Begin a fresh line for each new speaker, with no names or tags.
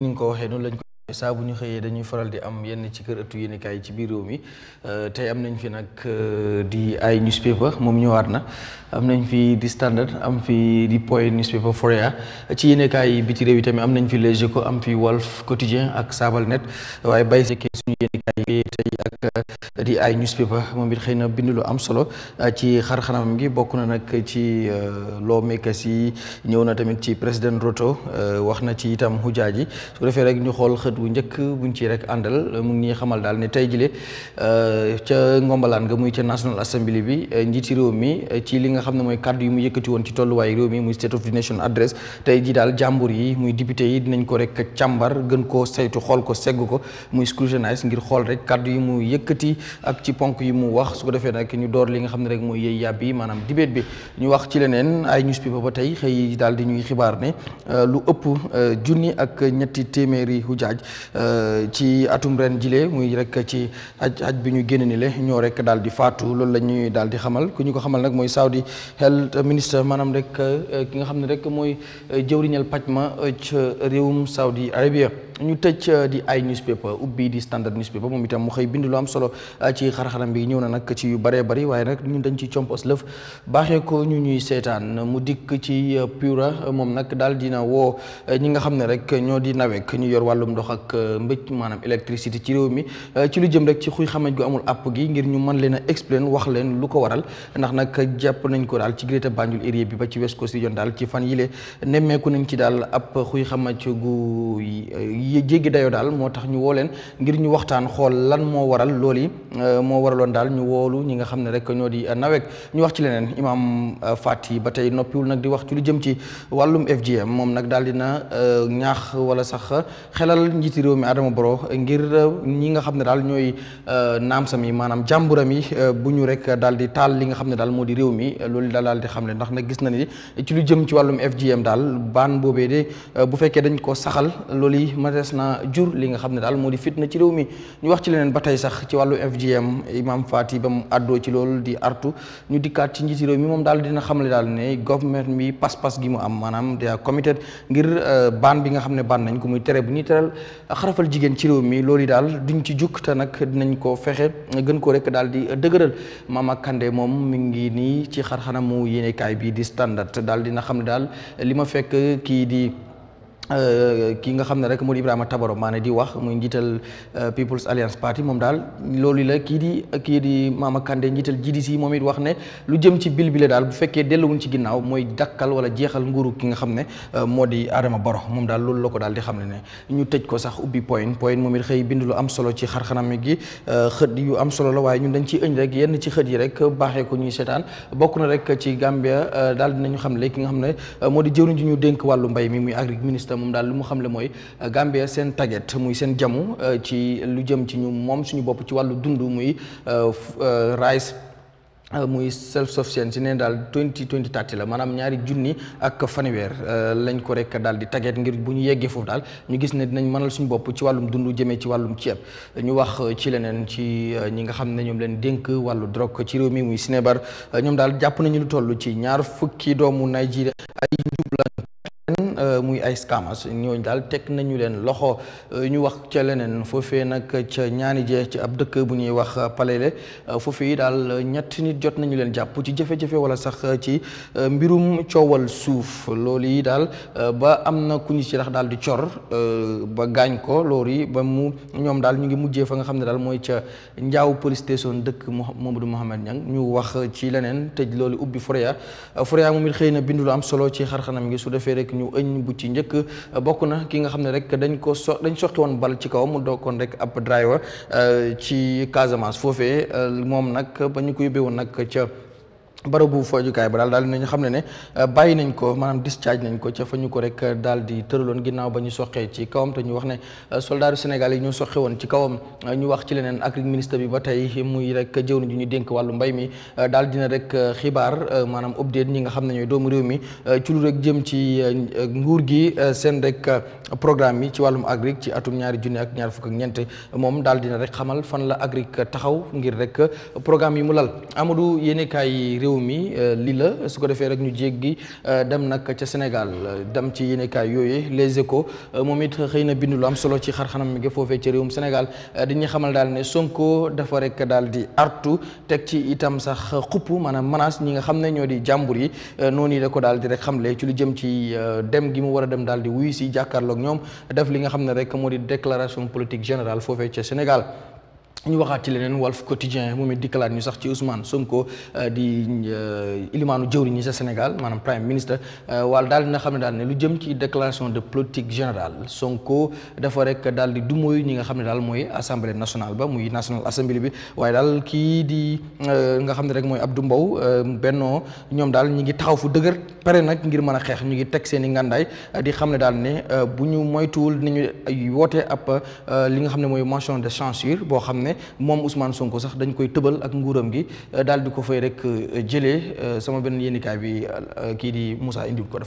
ni nga ko waxee noonu lañ ko saa bu ñu xëyee dañuy faral di am yenn ci kër ëttu yéenekaay yi ci biir réew mi euh, tey am nañ fi nag euh, di ay newspaper moom ñëwaat na am nañ fi di standard am fi di point newspaper Foroyaa ci yéenekaay yi biti réew yi tamit am nañ fi Les Échos am fi Walf Quotidien ak Sabal Net waaye bay suñu yéenekaay bi tey di ay newspaper moom it xëy na am solo ci xar-xaram gi bokk na euh, nag ci lawmakers yi ñëw na tamit ci président Ruto euh, wax na ci itam hujaa ji su defee rek ñu xool xët wu njëkk buñ ci rek àndal mu ngi ñuy xamal daal ne tey jile euh, ca ngombalaan nga muy ca National Assembly bi njiiti réew mi ci li nga xam ne mooy kàddu yi mu yëkkati woon ci tolluwaay réew mi muy State of the Nation Address tey ji dal jàmbur yi muy député yi dinañ ko rek càmbar gën koo saytu xool ko segg ko muy scrutinize CNRS ngir xool rek kàddu yi mu yëkkati ak ci ponk yi mu wax su ko defee nag ñu door li nga xam ne rek mooy yëy yàbb yi maanaam dibéet bi ñu wax ci leneen ay newspaper ba tey xëy daal di ñuy xibaar ne euh, lu ëpp euh, junni ak ñetti téeméeri hujaaj euh, ci atum ren jile muy rek ci aj aj bi ñu génn ni le ñoo rek daal di faatu loolu la ñuy daal di xamal ku ñu ko xamal nag mooy Saudi health minister maanaam rek ki nga xam ne rek mooy jëwriñal paj ma ca réewum Saudi Arabia ñu tëj euh, di ay newspaper ubbi di standard newspaper moom itam mu xëy bind lu am solo euh, ci xar-xaram bi ñëw na nag ci yu bëree bëri waaye nag ñun dañ ci compos lëf baaxee ko ñu ñuy seetaan mu dikk ci euh, pura moom nag daal dina woo ñi nga xam ne rek ñoo di nawek ñu yor wàllum ndox ak mbëj maanaam électricité ci réew mi ci lu jëm rek ci xuy xamaj gu amul àpp gi ngir ñu mën leen a explain wax leen lu ko waral ndax nag jàpp nañ ko daal ci Greater Banjul area bi ba ci West Coast daal ci fan yile nemmeeku nañ ci daal ab xuy xamaj gu jéggi dayoo daal moo tax ñu woo leen ngir ñu waxtaan xool lan moo waral loolu yi euh, moo waraloon daal ñu woolu ñi nga xam ne rek ñoo di euh, nawek ñu wax ci leneen imaam euh, yi ba tey noppiwul nag di wax ci lu jëm ci wàllum FGM moom nag daal dina ñaax wala sax xelal njiiti réew mi Adama Barrow ngir ñi nga xam ne daal ñooy naam sami maanaam jàmburam yi bu ñu rek daal di taal li nga xam ne daal moo di réew mi loolu daal daal di xam ne ndax nag gis na ni ci wàllum FGM daal baan boobee de bu fekkee dañ ko saxal loolu yi des na jur li nga xam ne daal moo di fitna ci réew mi ñu wax ci leneen ba tey sax ci wàllu FGM Imam Fati ba mu àddoo ci loolu di artu ñu dikkaat ci njiiti réew mi moom daal dina xamle daal ne government bi pas-pas gi mu am maanaam da comité ngir euh, baan bi nga xam ne baan nañ ko muy tere bu ñuy teral xarafal jigéen ci réew mi loolu daal duñ ci jukk te dina dinañ ko fexe gën ko rek daal di dëgëral Mama kande moom mi ngi nii ci xarxanamu yéenekaay bi di standard daal dina xam daal Eh, ki nga xam ne rek moo di Ibrahima Tabaro maanaam di wax muy eh, People's Alliance Party moom daal loolu la kii di kii di Mama Kandeh njiital GDC moom it wax ne lu jëm ci bil bi la daal bu fekkee delluwuñ ci ginnaaw mooy dakkal wala jeexal nguuru ki nga xam ne eh, moo di Adama Baro moom daal loolu la ko di ne ñu tëj ko sax point point moom it xëy lu am solo ci xarxanam gi xët yu am solo la nyundan ñun dañ ci ëñ rek yenn ci xët yi rek baaxee ko ñuy na rek ci Gambia daal dinañu xam ne ki nga xam ne moo ñu mbay mi muy agric moom daal lu mu xam le mooy euh, Gambia seen taget muy seen jamu euh, ci lu jëm ci ñu moom suñu bopp ci wàllu dund muy euh, rice muy self sufficiency si dal 2020 tati la maanaam ñaari junni ak fanweer lañ ko rek dal di target ngir bu ñu yeggee foofu ñu gis ne dinañ mënal suñu bopp ci wàllum dund jëmee ci wàllum Chile ñu wax ci leneen ci ñi nga wal ne ñoom leen dénk wàllu drogue ci réew mi muy Sénébar ñoom daal jàpp nañu lu toll ci ñaar fukki doomu Nigeria ay Euh, muy ay scammers ñooñu daal teg nañu leen loxo euh, ñu wax ca leneen foofee nag ca ñaani jee ci ab dëkk bu ñuy wax pale euh, Palele foofee yi daal ñett nit jot nañu leen jàpp ci jafe-jafe wala sax ci mbirum coowal suuf loolu yi daal ba am na ku ñu ci rax daal di cor ba gaañ ko loolu yi ba mu ñoom daal ñu ngi mujjee fa nga xam ne daal mooy ca Njaaw police station dëkk Mamadou Mohamed Niang ñu wax ci leneen tëj loolu ubbi Foria Foria moom it xëy na bindu am solo ci ñu bu ci njëkk bokk na ki nga xam ne rek dañ ko so dañ sotti woon bal ci kaw mu dookoon rek ab driver euh, ci Casamance foofe euh, moom nag ba ñu ko yóbbee woon nag ca barabu foojukaay ba daal daal dinañu xam ne ne euh, bàyyi nañ ko maanaam discharge nañ ko ca fa ñu ko rek euh, daal di tëraloon ginnaaw ba ñu soqee ci kawam te ñu wax ne euh, soldaaru Sénégal yi ñoo soqe woon ci kawam ñu wax ci leneen ak ministre bi ba tey muy rek jëwriñ ju ñu dénk wàllu mbay mi daal dina rek xibaar maanaam update ñi nga xam ne ñooy doomu réew mi ci lu rek jëm ci nguur gi seen rek programme yi ci wàllum agric ci atum ñaari junni ak ñaar fukk ñeent moom daal dina rek xamal fan la agric taxaw ngir réew mi euh, li la su ko defee rek ñu jéggi euh, dem nag ca Sénégal euh, dem ci yéenekaay yooyu Les Échos moom it xëy na bindu lu am solo ci xar-xanam mi nga foofee ci réewum Sénégal dañuy xamal daal ne Sonko dafa rek daal di artu teg ci itam sax xupp maanaam menace ñi nga xam ne ñoo di jàmbur yi noonu de ko daal di rek xamle ci lu jëm ci dem gi mu war a dem daal di wuyu si jàkkaarloog ñoom def li nga xam ne rek moo di déclaration politique général foofee ca Sénégal ñu waxaat ci leneen fu Quotidien moom it dikkalaat ñu sax ci Ousmane Sonko euh, di euh, ilimaanu jëwriñ ñi sa Sénégal maanaam prime ministre euh, wala daal dina xam ne lu jëm ci déclaration de politique générale Sonko dafa rek daal di dumóoyu ñi nga xam ne daal mooy assemblée nationale ba muy national assembly bi waaye daal kii di nga xam ne rek mooy Abdou Mbow bennoo ñoom daal ñi ngi taxaw fu dëgër pare nag ngir mën a xeex ñu ngi teg seen i ngàndaay di xam ne daal ne bu ñu moytuwul dinañu woote ab li nga xam ne mooy motion de censure boo xam ne moom Ousmane Sonko sax dañ koy tëbal ak nguuram gi daal di ko fay rek jëlee sama benn yéenikaay bi kii di Moussa indil ko dafa